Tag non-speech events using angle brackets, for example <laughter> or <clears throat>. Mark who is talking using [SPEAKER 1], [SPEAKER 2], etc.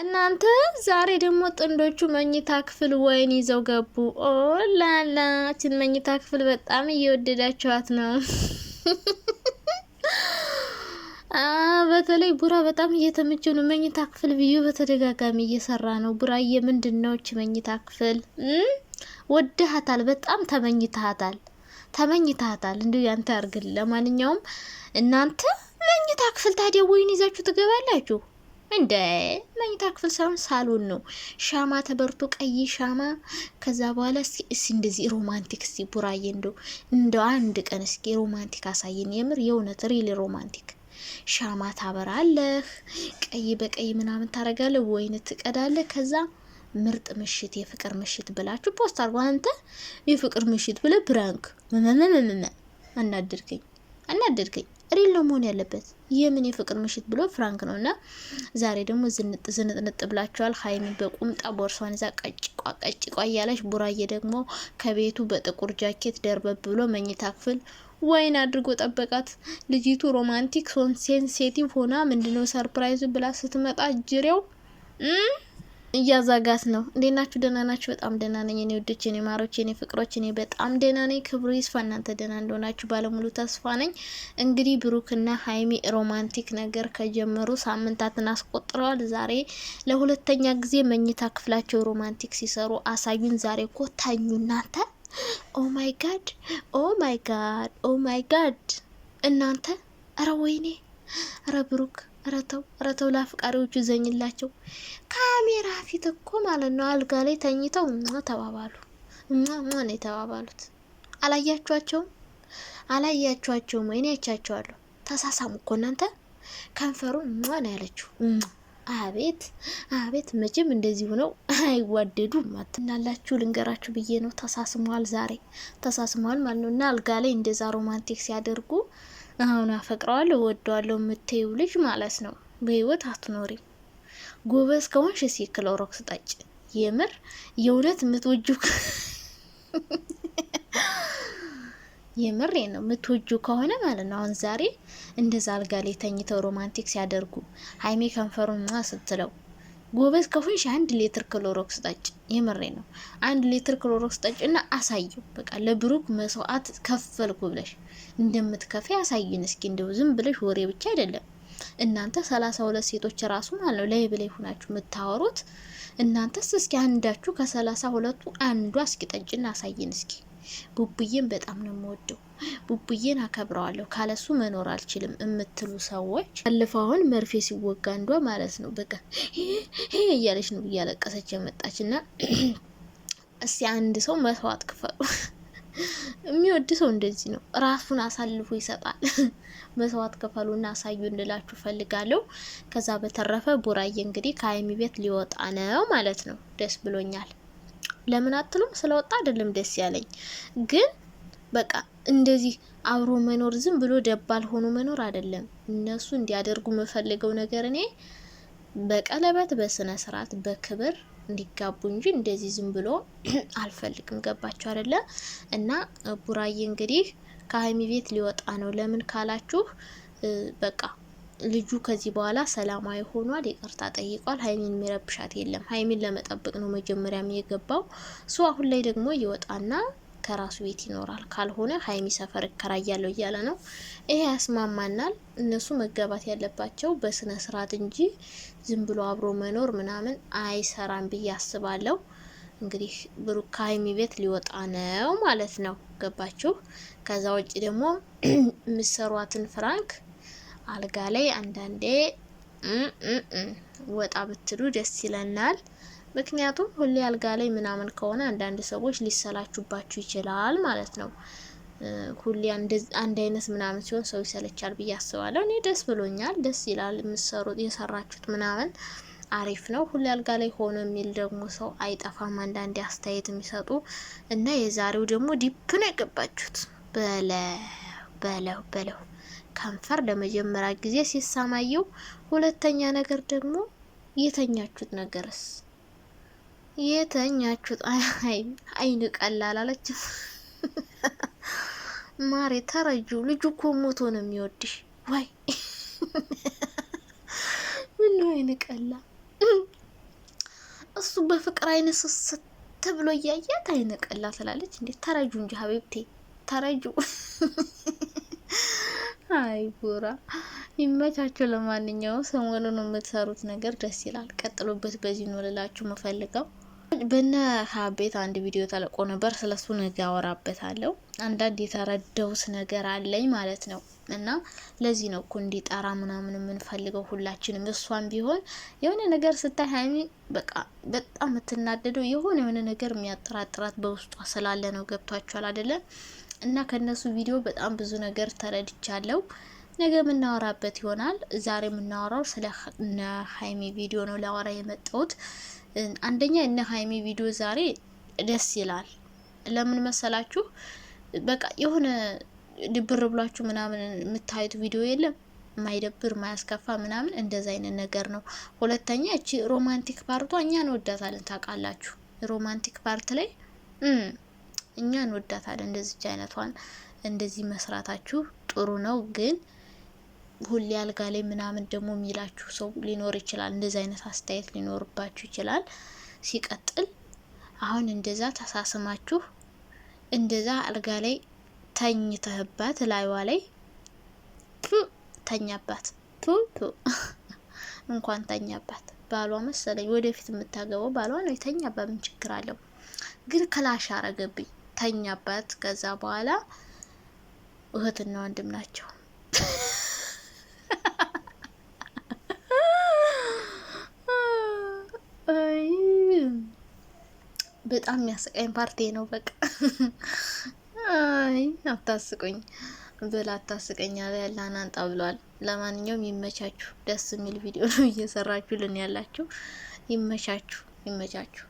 [SPEAKER 1] እናንተ ዛሬ ደግሞ ጥንዶቹ መኝታ ክፍል ወይን ይዘው ገቡ። ኦ ላላችን መኝታ ክፍል በጣም እየወደዳቸዋት ነው። <laughs> በተለይ ቡራ በጣም እየተመቸው ነው። መኝታ ክፍል ብዩ በተደጋጋሚ እየሰራ ነው። ቡራዬ ምንድን ነች መኝታ ክፍል? ወድሃታል፣ በጣም ተመኝታታል፣ ተመኝታታል። እንዲሁ ያንተ ያርግል። ለማንኛውም እናንተ መኝታ ክፍል ታዲያ ወይን ይዛችሁ ትገባላችሁ? እንደ መኝታ ክፍል ሳይሆን ሳሎን ነው። ሻማ ተበርቶ ቀይ ሻማ። ከዛ በኋላ እስኪ እንደዚህ ሮማንቲክ እስኪ ቡራዬ እንደው እንደ አንድ ቀን እስኪ ሮማንቲክ አሳየን። የምር የእውነት ሪል ሮማንቲክ ሻማ ታበራለህ፣ ቀይ በቀይ ምናምን ታደርጋለህ፣ ወይን ትቀዳለህ። ከዛ ምርጥ ምሽት የፍቅር ምሽት ብላችሁ ፖስት አርጎ አንተ የፍቅር ምሽት ብለህ ብራንክ መመመመመ አናደድከኝ፣ አናደድከኝ። ሪል ነው መሆን ያለበት። የምን የፍቅር ምሽት ብሎ ፍራንክ ነው እና ዛሬ ደግሞ ዝንጥ ዝንጥንጥ ብላቸዋል። ሀይሚ በቁምጣ ቦርሷን ይዛ ቀጭቋ ቀጭቋ እያለች ቡራዬ ደግሞ ከቤቱ በጥቁር ጃኬት ደርበብ ብሎ መኝታ ክፍል ወይን አድርጎ ጠበቃት። ልጅቱ ሮማንቲክ ሴንሴቲቭ ሆና ምንድነው ሰርፕራይዙ ብላ ስትመጣ ጅሬው እያዛጋት ነው። እንዴት ናችሁ? ደህና ናችሁ? በጣም ደህና ነኝ እኔ ውዶች፣ እኔ ማሮች፣ እኔ ፍቅሮች፣ እኔ በጣም ደህና ነኝ። ክብሩ ይስፋ፣ እናንተ ደህና እንደሆናችሁ ባለሙሉ ተስፋ ነኝ። እንግዲህ ብሩክና ሀይሚ ሮማንቲክ ነገር ከጀመሩ ሳምንታትን አስቆጥረዋል። ዛሬ ለሁለተኛ ጊዜ መኝታ ክፍላቸው ሮማንቲክ ሲሰሩ አሳዩን። ዛሬ እኮ ታኙ እናንተ። ኦ ማይ ጋድ፣ ኦ ማይ ጋድ፣ ኦ ማይ ጋድ እናንተ። ረ ወይኔ፣ ብሩክ ረተው ረተው ለአፍቃሪዎቹ ዘኝላቸው። ካሜራ ፊት እኮ ማለት ነው አልጋ ላይ ተኝተው ተባባሉ ነው የተባባሉት። አላያችኋቸውም? አላያችኋቸውም? ወይኔ ያቻቸዋለሁ። ተሳሳሙ እኮ እናንተ። ከንፈሩ ነው ያለችው። አቤት አቤት! መቼም እንደዚህ ሆነው አይዋደዱም። አትናላችሁ ልንገራችሁ ብዬ ነው። ተሳስሟል፣ ዛሬ ተሳስሟል ማለት ነው። እና አልጋ ላይ እንደዛ ሮማንቲክ ሲያደርጉ አሁን አፈቅረዋለሁ እወደዋለሁ የምትይው ልጅ ማለት ነው በህይወት አትኖሪ። ጎበዝ ከሆንሽ እስኪ ክሎሮክስ ጠጭ። የምር የእውነት የምትወጁ <laughs> የምር ነው የምትወጁ ከሆነ ማለት ነው። አሁን ዛሬ እንደዛ አልጋ ላይ ተኝተው ሮማንቲክ ሲያደርጉ ሀይሜ ከንፈሩን ስትለው ጎበዝ ከሆንሽ አንድ ሌትር ክሎሮክስ ጠጭ። የምሬ ነው። አንድ ሌትር ክሎሮክስ ጠጭ እና አሳየው። በቃ ለብሩክ መስዋዕት ከፈልኩ ብለሽ እንደምትከፊ ያሳይን እስኪ። እንደው ዝም ብለሽ ወሬ ብቻ አይደለም እናንተ ሰላሳ ሁለት ሴቶች ራሱ ማለት ነው ላይ ብላይ ሆናችሁ የምታወሩት እናንተስ፣ እስኪ አንዳችሁ ከሰላሳ ሁለቱ አንዷ እስኪ ጠጭና አሳይን እስኪ። ቡቡዬን በጣም ነው የምወደው ቡቡዬን አከብረዋለሁ ካለሱ መኖር አልችልም የምትሉ ሰዎች አሁን መርፌ ሲወጋ አንዷ ማለት ነው በቃ ይሄ እያለች ነው እያለቀሰች የመጣች እና <clears throat> እስቲ አንድ ሰው መስዋዕት ክፈሉ። <laughs> የሚወድ ሰው እንደዚህ ነው፣ ራሱን አሳልፎ ይሰጣል። <laughs> መስዋዕት እና አሳዩ እንላችሁ ፈልጋለሁ። ከዛ በተረፈ ቡራዬ እንግዲህ ከሀይሚ ቤት ሊወጣ ነው ማለት ነው። ደስ ብሎኛል። ለምን አትሉም? ስለወጣ አይደለም ደስ ያለኝ ግን በቃ እንደዚህ አብሮ መኖር ዝም ብሎ ደባል ሆኖ መኖር አይደለም። እነሱ እንዲያደርጉ የምፈልገው ነገር እኔ በቀለበት በስነ ስርዓት በክብር እንዲጋቡ እንጂ እንደዚህ ዝም ብሎ <clears throat> አልፈልግም። ገባችሁ አይደለ? እና ቡራዬ እንግዲህ ከሀይሚ ቤት ሊወጣ ነው። ለምን ካላችሁ በቃ ልጁ ከዚህ በኋላ ሰላማዊ ሆኗል። ይቅርታ ጠይቋል። ሀይሚን የሚረብሻት የለም። ሀይሚን ለመጠበቅ ነው መጀመሪያም የገባው እሱ። አሁን ላይ ደግሞ ይወጣና ከራሱ ቤት ይኖራል፣ ካልሆነ ሀይሚ ሰፈር እከራያለሁ እያለ ነው። ይሄ ያስማማናል። እነሱ መገባት ያለባቸው በስነ ስርዓት እንጂ ዝም ብሎ አብሮ መኖር ምናምን አይሰራም ብዬ አስባለሁ። እንግዲህ ብሩክ ከሀይሚ ቤት ሊወጣ ነው ማለት ነው። ገባችሁ? ከዛ ውጭ ደግሞ <clears throat> ምሰሯትን ፍራንክ አልጋ ላይ አንዳንዴ ወጣ ብትሉ ደስ ይለናል። ምክንያቱም ሁሌ አልጋ ላይ ምናምን ከሆነ አንዳንድ ሰዎች ሊሰላችሁባችሁ ይችላል ማለት ነው። ሁሌ አንድ አይነት ምናምን ሲሆን ሰው ይሰለቻል ብዬ አስባለሁ። እኔ ደስ ብሎኛል፣ ደስ ይላል። የምትሰሩት የሰራችሁት ምናምን አሪፍ ነው። ሁሌ አልጋ ላይ ሆኖ የሚል ደግሞ ሰው አይጠፋም፣ አንዳንድ አስተያየት የሚሰጡ እና የዛሬው ደግሞ ዲፕ ነው የገባችሁት። በለው በለው በለው ከንፈር ለመጀመሪያ ጊዜ ሲሰማየው ሁለተኛ ነገር ደግሞ የተኛችሁት ነገርስ የተኛችሁት አይን ቀላል አለች። ማሬ ተረጁ። ልጁ እኮ ሞቶ ነው የሚወድሽ። ዋይ ምን አይን ቀላ እሱ በፍቅር አይን ስስት ተብሎ እያያት አይን ቀላ ትላለች። እንዴት ተረጁ እንጂ ሀቢብቴ ተረጁ። አይ ጎራ ይመቻችሁ። ለማንኛውም ሰሞኑን የምትሰሩት ነገር ደስ ይላል፣ ቀጥሎበት። በዚህ ነው ልላችሁ የምፈልገው። በነ ሀቤት አንድ ቪዲዮ ተለቆ ነበር። ስለሱ ነገ አወራበታለሁ። አንዳንድ የተረዳውት ነገር አለኝ ማለት ነው። እና ለዚህ ነው እኮ እንዲጠራ ምናምን የምንፈልገው ሁላችንም። እሷን ቢሆን የሆነ ነገር ስታይ ሀይሚ በቃ በጣም የምትናደደው የሆነ የሆነ ነገር የሚያጠራጥራት በውስጧ ስላለ ነው። ገብቷችኋል አይደለም? እና ከነሱ ቪዲዮ በጣም ብዙ ነገር ተረድቻለሁ። ነገ የምናወራበት ይሆናል። ዛሬ የምናወራው ስለ እነ ሀይሚ ቪዲዮ ነው ላወራ የመጣሁት። አንደኛ እነ ሀይሚ ቪዲዮ ዛሬ ደስ ይላል። ለምን መሰላችሁ? በቃ የሆነ ድብር ብሏችሁ ምናምን የምታዩት ቪዲዮ የለም። ማይደብር ማያስከፋ ምናምን እንደዛ አይነት ነገር ነው። ሁለተኛ እቺ ሮማንቲክ ፓርቷ እኛ እንወዳታለን ታውቃላችሁ። ሮማንቲክ ፓርት ላይ እኛ እንወዳታለን። እንደዚች አይነቷን እንደዚህ መስራታችሁ ጥሩ ነው። ግን ሁሌ አልጋ ላይ ምናምን ደግሞ የሚላችሁ ሰው ሊኖር ይችላል። እንደዚህ አይነት አስተያየት ሊኖርባችሁ ይችላል። ሲቀጥል አሁን እንደዛ ተሳስማችሁ እንደዛ አልጋ ላይ ተኝተህባት ላይዋ ላይ ተኛባት ቱ ቱ <laughs> እንኳን ተኛባት ባሏ መሰለኝ ወደፊት የምታገባው ባሏ ነው የተኛባት ምን ችግር አለው ግን ክላሽ አረገብኝ ተኛበት። ከዛ በኋላ እህትና ወንድም ናቸው። በጣም የሚያስቀኝ ፓርቴ ነው። በቃ አይ አታስቁኝ ብላ አታስቀኝ ያለ ያላን ብሏል። ለማንኛውም ይመቻችሁ። ደስ የሚል ቪዲዮ ነው እየሰራችሁልን ያላችሁ። ይመቻችሁ፣ ይመቻችሁ።